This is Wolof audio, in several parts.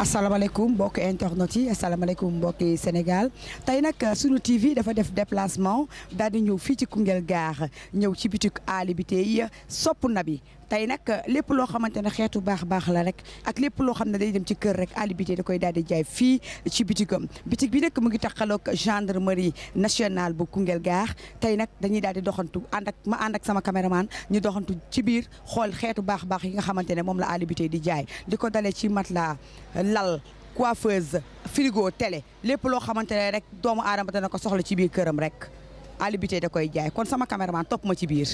asalaamaaleykum mbokki internet yi asalaamaaleykum mbokki Sénégal tey nag euh, sunu TV dafa def déplacement daal di ñëw fii ci Koungheul gare ñëw ci bitik Ali Biteye sopp na bi tey nag euh, lépp loo xamante ne xeetu baax baax la rek ak lépp loo xam ne day dem ci kër rek Ali da koy daal di jaay fii ci bitigam bitig bi nag mu ngi taxaloog gendarmerie nationale bu Koungheul Gare tey nag dañuy daal di doxantu ànd ak ma ànd ak sama caméraman ñu doxantu ci biir xool xeetu baax baax yi nga xamante ne moom la Ali di jaay di ko dalee ci matelas lal coiffeuse frigo télé lépp loo xamante ne rek doomu aadama dana ko soxla ci biir këram rek Ali Biteye da koy jaay kon sama caméraman topp ma ci biir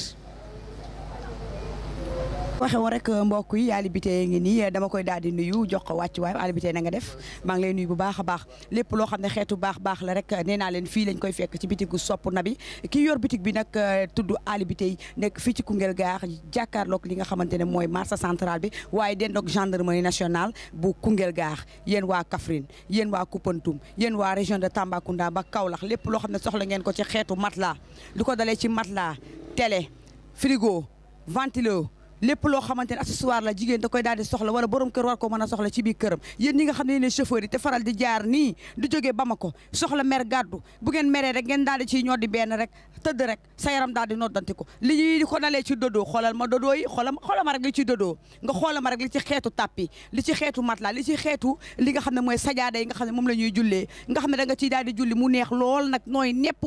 waxe woon rek euh, mbokk yi Aly Biteye ngi nii dama koy daal di nuyu jox ko wàcc waay Aly na nga def maa ngi nuyu bu baax a baax lépp loo xam ne xeetu baax baax la rek nee naa leen fii lañ koy fekk ci bitigu sopp na bi ki yor bitig bi nag euh, tudd Aly Biteye nekk fii ci Koungheul gaar jàkkaarloog li nga xamante ne mooy marché central bi waaye dendoog gendarmerie national bu Koungheul gaar yéen waa Kaffrine yéen waa Koupantoum yéen waa région de Tambacounda ba Kaolack lépp loo xam ne soxla ngeen ko ci xeetu matelas lu ko dalee ci matelas télé frigo ventilo lépp loo xamante ne accessoire la jigéen da koy daal di soxla wala borom kër war ko mën a soxla ci biir këram yéen ñi nga xam ne yéen chauffeur yi te faral di jaar nii di jógee Bamako soxla mer gàddu bu meree rek ngeen daal di ciy ñoddi benn rek tëdd rek sa yaram daal di noddanti ko li ñuy ko nalee ci dodoo xoolal ma dodoo yi xoolal ma rek li ci dodoo nga xoolal ma rek li ci xeetu tàppi li ci xeetu mat la li ci xeetu li nga xam ne mooy sajaada yi nga xam ne moom la ñuy jullee nga xam ne danga nga ciy daal julli mu neex lool nag nooy nepp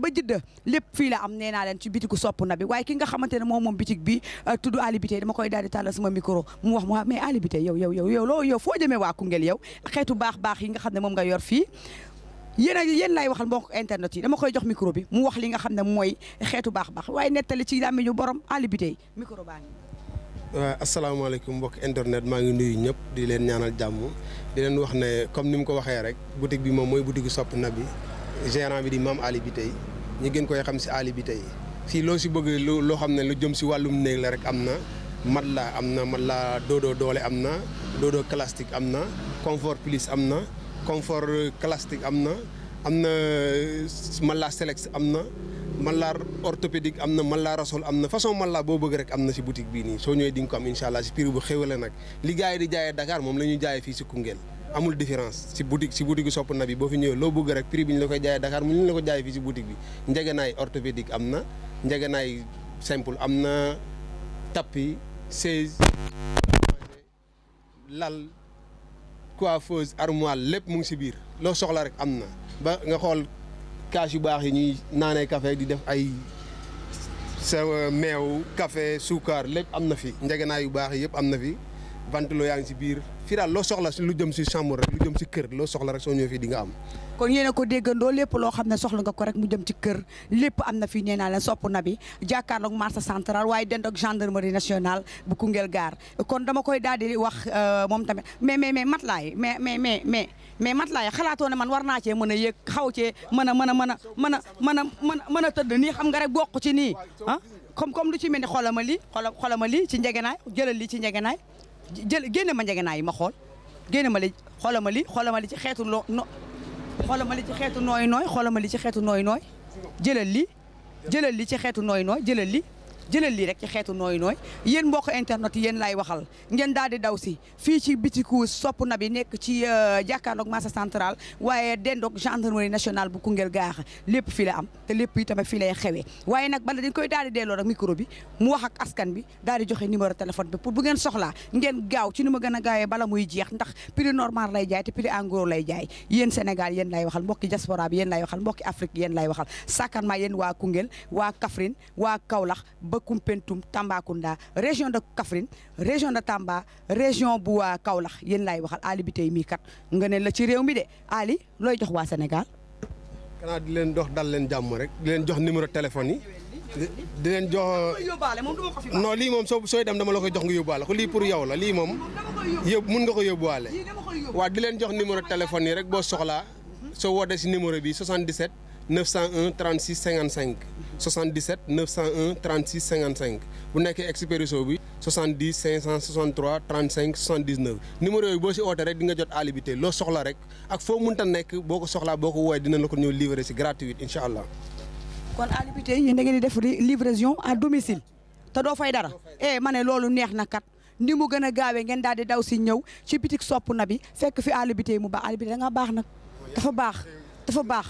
ba jidda lépp fii la am nee naa leen ci bitiku sopp na bi waaye ki nga xamante ne moom moom bitik bi euh, tudd Ali Biteye dama koy daal di tàllal sama micro mu wax mu mais Ali Biteye yow yow yow yow loolu yow foo jëmee waa Koungheul yow xeetu baax-baax yi nga xam ne moom nga yor fii yéen a yéen laay waxal mbokk internet yi dama koy jox micro bi mu wax li nga xam ne mooy xeetu baax-baax waaye nettali ci làmmiñu borom Ali Biteye micro baa ngi waaw euh, mbokk internet maa ngi nuyu ñëpp di leen ñaanal jàmm di leen wax ne comme ni mu ko waxee rek boutique bi moom mooy boutique sopp na bi gérant bi di maam Ali Biteye ñu gën koy xam si Ali yi si loo si bëgg lu loo xam ne lu jëm si wàllum néeg la rek am na matelas am na matelas doodoo doole am na doodoo classique am na confort plus am na confort classique am na am na euh, matelas select am na matelas orthopédique am na matelas rasol am na façon matelas boo bëgg rek am na si boutique bii nii soo ñëwee di nga ko am incha allah si prix bu xéwale nag li gars yi di jaayee Dakar moom la ñuy jaayee fii si Koungheul amul différence si boutique si boutique sopp na bi boo fi ñëwee bi ñu la koy jaayee am na njëgënaay simple am na tapis chaise lal coiffeuse armoire lépp mu ngi si biir loo soxla rek am na ba nga xool kaas yu baax yi ñuy naanee kafe di def ay sa meew kafe suukar lépp am na fi njëgënaay yu baax yi yëpp am na fi ventilo yaa ngi si biir fii daal loo soxla si lu jëm si chambre rek lu jëm si kër loo soxla rek soo ñëwee fii di nga am. kon yéen a ko déggandoo lépp loo xam ne soxla nga ko rek mu jëm ci kër lépp am na fii nee naa leen sopp na bi jàkkaarloog marché central waaye dend ak gendarmerie nationale bu Koungheul gaar kon dama koy daal di wax euh, moom tamit mais mais mais matlaay mais mais mais mais mais matlaay xalaatoo ne man war naa cee mën a yëg xaw cee mën a mën mën a mën a mën a mën a tëdd nii xam nga rek bokk ci nii ah comme lu ci mel ni xoolal ma lii xoolal xoolal ma lii ci njegenaay jëlal lii ci njegenaay jël génne ma njëgënaay yi ma xool génne ma li xoolal ma li xoolal ma li ci xeetu loo no ma li ci xeetu nooy nooy xoolal ma li ci xeetu nooy nooy jëlal li jëlal li ci xeetu nooy nooy jëlal li jëlal lii rek ci xeetu nooy nooy yéen mbokk internet yi yéen laay waxal ngeen daal di daw si fii ci bitiku sopp na bi nekk ci euh, jàkkaarloog marché central waaye dendoog gendarmerie nationale bu Koungheul gaax lépp fii la am te lépp yi tamit fii lay xewee waaye nag bala dañ koy daal di delloo rek micro bi mu wax askan bi daal di joxe numéro téléphone bi pour bu ngeen soxlaa ngeen gaaw ci ni ma gën a gaawee bala muy jeex ndax prix normal lay jaay te prix en gros lay jaay yéen Sénégal yéen lay waxal mbokki diaspora bi yéen lay waxal mbokki Afrique yéen lay waxal sàkkan maa yéen waa Koungheul waa Kaffrine waa Kaolack ba Koumpentoum Tambacounda région de Kaffrine région de Tamba région bu waa Kaolack yéen laay waxal Ali bi tey mii kat nga ne la ci réew mi de Ali looy jox waa Sénégal. kanaa di leen dox dal leen jàmm rek di leen jox numéro téléphone yi. di leen jox non lii moom soo sooy dem dama la koy jox nga yóbbuwaale lii pour yow la lii moom. yóbbu mun nga ko yóbbuwaale. waaw di leen jox numéro téléphone yi rek boo soxla soo wootee si numéro bi 77 901 36 55 77 901 36 55 bu nekkee Expresso bi 70 563 35 79 numéro yooyu boo si ootee rek di nga jot àllibité loo soxla rek ak foo mënta nekk boo ko soxla boo ko woowee dina la ko ñëw livrer si gratuite incha allah. kon àllibité yéen da ngeen di def livraison à domicile te doo fay dara eh ma ne loolu neex na kat. ni mu gën a gaawee ngeen daal di daw si ñëw ci bitik sopp na bi fekk fi àllibité mu ba àllibité da nga baax nag dafa baax dafa baax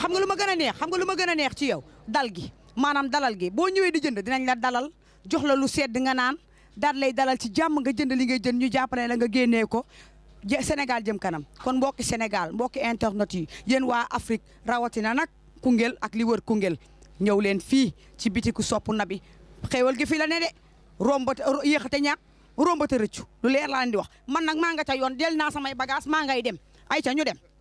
xam nga lu ma gën a neex xam nga lu ma gën a neex ci yow dal gi maanaam dalal gi boo ñëwee di jënd dinañ la dalal jox la lu sedd nga naan daal lay dalal ci jàmm nga jënd li ngay jënd ñu jàppale la nga génnee ko Sénégal jëm kanam kon mbokki Sénégal mbokki internet yi yéen waa Afrique rawatina nag Koungheul ak li wër Koungheul ñëw leen fii ci bitiku sopp nabi xéewal gi fi la ne de rombate yéexate ñàkk rombate rëccu lu leer laa leen di wax man nag maa nga ca yoon del naa samay bagage maa ngay dem ay ñu dem